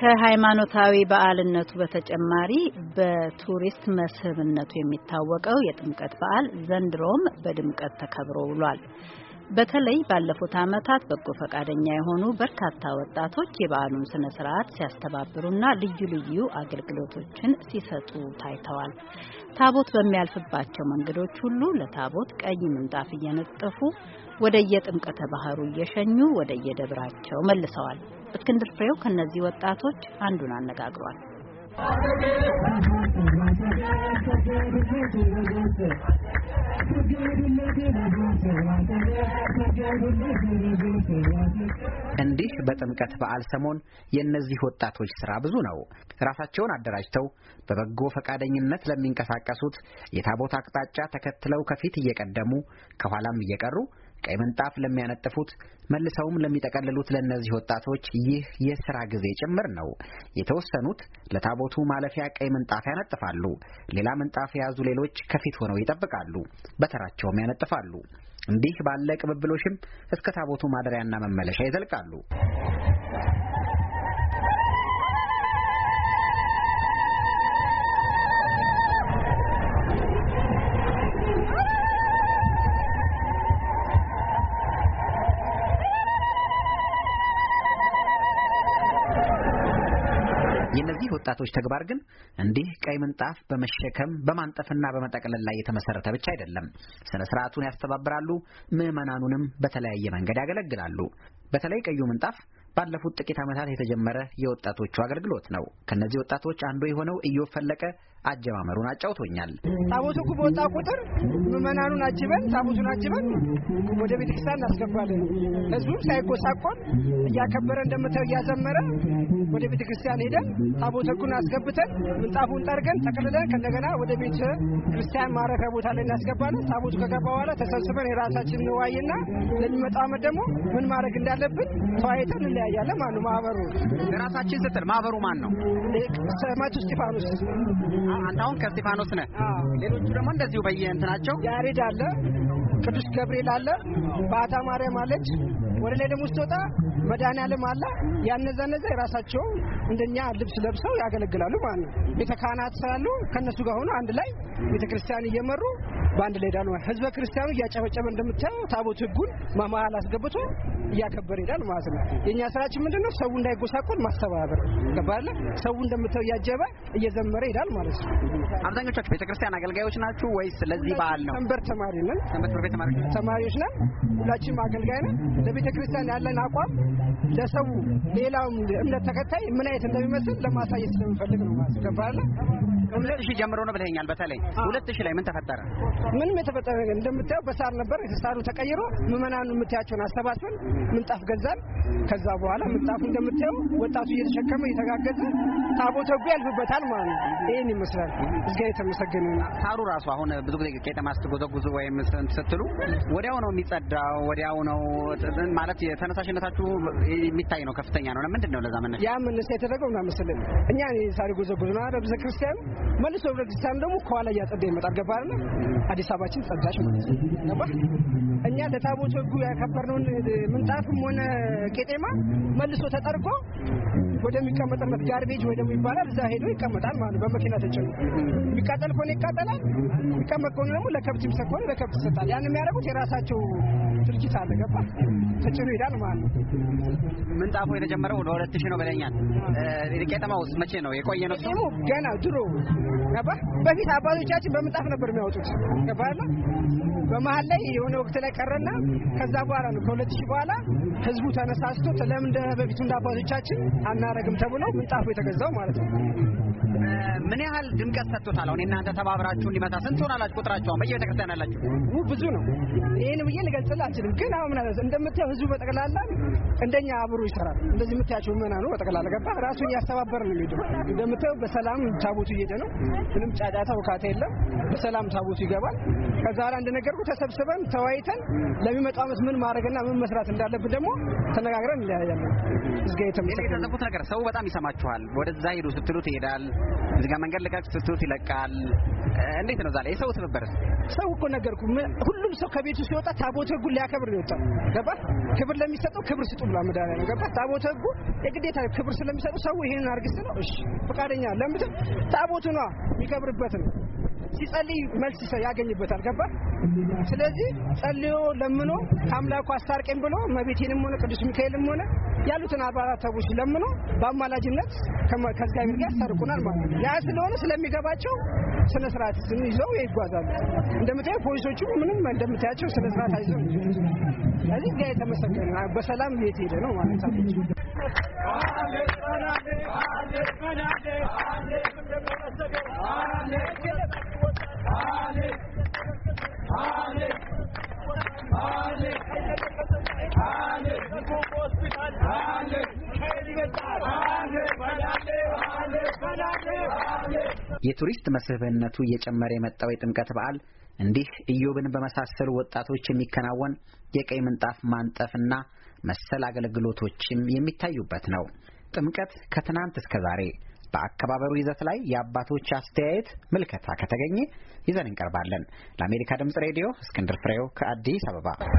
ከሃይማኖታዊ በዓልነቱ በተጨማሪ በቱሪስት መስህብነቱ የሚታወቀው የጥምቀት በዓል ዘንድሮም በድምቀት ተከብሮ ውሏል። በተለይ ባለፉት ዓመታት በጎ ፈቃደኛ የሆኑ በርካታ ወጣቶች የበዓሉን ስነ ስርዓት ሲያስተባብሩና ልዩ ልዩ አገልግሎቶችን ሲሰጡ ታይተዋል። ታቦት በሚያልፍባቸው መንገዶች ሁሉ ለታቦት ቀይ ምንጣፍ እየነጠፉ ወደ የጥምቀተ ባህሩ እየሸኙ ወደየደብራቸው መልሰዋል። እስክንድር ፍሬው ከነዚህ ወጣቶች አንዱን አነጋግሯል። እንዲህ በጥምቀት በዓል ሰሞን የእነዚህ ወጣቶች ስራ ብዙ ነው። ራሳቸውን አደራጅተው በበጎ ፈቃደኝነት ለሚንቀሳቀሱት የታቦት አቅጣጫ ተከትለው ከፊት እየቀደሙ ከኋላም እየቀሩ ቀይ ምንጣፍ ለሚያነጥፉት መልሰውም ለሚጠቀልሉት ለእነዚህ ወጣቶች ይህ የስራ ጊዜ ጭምር ነው። የተወሰኑት ለታቦቱ ማለፊያ ቀይ ምንጣፍ ያነጥፋሉ። ሌላ ምንጣፍ የያዙ ሌሎች ከፊት ሆነው ይጠብቃሉ፣ በተራቸውም ያነጥፋሉ። እንዲህ ባለ ቅብብሎሽም እስከ ታቦቱ ማደሪያና መመለሻ ይዘልቃሉ። በእነዚህ ወጣቶች ተግባር ግን እንዲህ ቀይ ምንጣፍ በመሸከም በማንጠፍና በመጠቅለል ላይ የተመሰረተ ብቻ አይደለም። ስነ ስርዓቱን ያስተባብራሉ፣ ምዕመናኑንም በተለያየ መንገድ ያገለግላሉ። በተለይ ቀዩ ምንጣፍ ባለፉት ጥቂት ዓመታት የተጀመረ የወጣቶቹ አገልግሎት ነው። ከእነዚህ ወጣቶች አንዱ የሆነው ኢዮብ ፈለቀ አጀማመሩን አጫውቶኛል። ታቦቱ በወጣ ቁጥር ምዕመናኑን አጅበን ታቦቱን አጅበን ወደ ቤተክርስቲያን እናስገባለን። ህዝቡም ሳይጎሳቆል እያከበረ እንደምታየው እያዘመረ ወደ ቤተክርስቲያን ሄደን ታቦተ ሕጉን አስገብተን ምንጣፉን ጠርገን ጠቅልለን ከእንደገና ወደ ቤተ ክርስቲያን ማረፊያ ቦታ ላይ እናስገባለን። ታቦቱ ከገባ በኋላ ተሰብስበን የራሳችን ንዋይና ለሚመጣው ዓመት ደግሞ ምን ማድረግ እንዳለብን ተዋይተን እንለያ ይለያያል። ማኑ ማህበሩ ራሳችን ስትል ማህበሩ ማን ነው? ሰማቱ እስጢፋኖስ። አንተ አሁን ከእስጢፋኖስ ነህ። ሌሎቹ ደግሞ እንደዚሁ በየእንት ናቸው። ያሬድ አለ፣ ቅዱስ ገብርኤል አለ፣ ባታ ማርያም አለች። ወደ ላይ ደግሞ ስትወጣ መድኃኔዓለም አለ። ያነዛነዛ የራሳቸው እንደኛ ልብስ ለብሰው ያገለግላሉ ማለት ነው። ቤተ ካህናት ስላሉ ከእነሱ ጋር ሆኖ አንድ ላይ ቤተ ክርስቲያን እየመሩ በአንድ ላይ ሄዳል። ህዝበ ክርስቲያኑ እያጨበጨበ እንደምታየው ታቦት ህጉን መሀል አስገብቶ እያከበረ ሄዳል ማለት ነው። የእኛ ስራችን ምንድን ነው? ሰው እንዳይጎሳቆል ማስተባበር ገባለ። ሰው እንደምታየው እያጀበ እየዘመረ ሄዳል ማለት ነው። አብዛኞቻችሁ ቤተክርስቲያን አገልጋዮች ናችሁ ወይስ ለዚህ በዓል ነው? ሰንበት ተማሪ ነን፣ ተማሪዎች ነን፣ ሁላችንም አገልጋይ ነን። ለቤተክርስቲያን ያለን አቋም ለሰው ሌላውም እምነት ተከታይ ምን አይነት እንደሚመስል ለማሳየት ስለምፈልግ ነው ማለት ገባለ። ሁለት ሺህ ጀምሮ ነው ብለኛል በተለይ ሁለት ሺህ ላይ ምን ተፈጠረ? ምንም የተፈጠረ ነገር እንደምታየው በሳር ነበር። ሳሩ ተቀይሮ ምዕመናኑ የምታያቸውን አሰባስበን ምንጣፍ ገዛን። ከዛ በኋላ ምንጣፉ እንደምታየው ወጣቱ እየተሸከመ እየተጋገዘ ታቦተ ሕጉ ያልፍበታል ማለት ነው። ይህን ይመስላል። እዚጋ የተመሰገነ ሳሩ ራሱ አሁን ብዙ ጊዜ ቄጠማ ስትጎዘጉዙ ወይም ስትሉ ወዲያው ነው የሚጸዳው፣ ወዲያው ነው ማለት የተነሳሽነታችሁ የሚታይ ነው፣ ከፍተኛ ነው። ለምንድን ነው ለዛ ምን ያ መነሻ የተደረገው ምናምን መሰለኝ እኛ ሳሪ ጎዘጉዝ ነው ቤተክርስቲያኑ መልሶ ቤተክርስቲያኑ ደግሞ ከኋላ እያጸዳ ይመጣል። ገባ አይደል አዲስ አበባችን ጸዳች ነው። እኛ ለታቦት ህጉ ያከበርነውን ምንጣፍም ሆነ ቄጤማ መልሶ ተጠርጎ ወደሚቀመጥበት ጋርቤጅ ወይ ደግሞ ይባላል እዛ ሄዶ ይቀመጣል ማለት በመኪና ተጭኖ የሚቃጠል ከሆነ ይቃጠላል፣ የሚቀመጥ ከሆነ ደግሞ ለከብት ይምሰ ከሆነ ለከብት ይሰጣል። ያን የሚያደርጉት የራሳቸው ድርጅት አለ ገባ ተጭኖ ይሄዳል ማለት ነው። ምንጣፉ የተጀመረው በሁለት ሺህ ነው በለኛል። ቄጠማውስ መቼ ነው የቆየ ነው? ገና ድሮ ገባ በፊት አባቶቻችን በምንጣፍ ነበር የሚያወጡት። ከተገባ በመሀል ላይ የሆነ ወቅት ላይ ቀረና ከዛ በኋላ ነው ከሁለት ሺህ በኋላ ህዝቡ ተነሳስቶ ለምን እንደ በፊቱ እንደ አባቶቻችን አናረግም ተብሎ ምንጣፉ የተገዛው ማለት ነው። ምን ያህል ድምቀት ሰጥቶታል? አሁን እናንተ ተባብራችሁ እንዲመጣ ስንት ሆናላችሁ? ቁጥራችሁ አሁን በየቤተክርስቲያን ያላችሁ ብዙ ነው። ይህን ብዬ ልገልጽልህ አልችልም። ግን አሁን ምናለ እንደምታየው ህዝቡ በጠቅላላ እንደኛ አብሮ ይሰራል። እንደዚህ የምታያቸው ነው በጠቅላላ ገባ ራሱን እያስተባበረ ነው የሚሄደው። እንደምታየው በሰላም ታቦቱ እየሄደ ነው። ምንም ጫጫታ ውካታ የለም። በሰላም ታቦቱ ይገባል። ከዛ ኋላ እንደነገርኩ ተሰብስበን ተወያይተን ለሚመጣው ዓመት ምን ማድረግና ምን መስራት እንዳለብን ደግሞ ተነጋግረን እንለያያለን። እዚህ ጋር የተመሰለፉት ነገር ሰው በጣም ይሰማችኋል። ወደዛ ሄዱ ስትሉት ይሄዳል። እዚህ ጋር መንገድ ልቀቅ ስትሉት ይለቃል። እንዴት ነው ዛሬ የሰው ትብብርስ? ሰው እኮ ነገርኩ፣ ሁሉም ሰው ከቤቱ ሲወጣ ታቦት ህጉ ሊያከብር ነው የወጣው። ገባህ? ክብር ለሚሰጠው ክብር ስጡ ብላ ነው። ገባ ታቦት ህጉ የግዴታ ክብር ስለሚሰጠው ሰው ይሄንን አርግስ ነው እሺ፣ ፈቃደኛ ለምትል ታቦቱ ነው የሚከብርበት ነው ሲጸልይ መልስ ያገኝበታል። ገባ? ስለዚህ ጸልዮ ለምኖ ከአምላኩ አስታርቄም ብሎ መቤቴንም ሆነ ቅዱስ ሚካኤልም ሆነ ያሉትን አባላት ተቡሽ ለምኖ በአማላጅነት ከእግዚአብሔር ጋር ያስታርቁናል ማለት ነው። ያ ስለሆነ ስለሚገባቸው ስነ ስርዓት ይዘው ይጓዛሉ። እንደምታየው ፖሊሶቹ ምንም እንደምታያቸው ስነ ስርዓት አይዘው ስለዚህ ጋ የተመሰገነ በሰላም ቤት ሄደ ነው ማለት ነው። የቱሪስት መስህብነቱ እየጨመረ የመጣው የጥምቀት በዓል እንዲህ ኢዮብን በመሳሰሉ ወጣቶች የሚከናወን የቀይ ምንጣፍ ማንጠፍና መሰል አገልግሎቶችም የሚታዩበት ነው። ጥምቀት ከትናንት እስከ ዛሬ በአከባበሩ ይዘት ላይ የአባቶች አስተያየት ምልከታ ከተገኘ ይዘን እንቀርባለን። ለአሜሪካ ድምፅ ሬዲዮ እስክንድር ፍሬው ከአዲስ አበባ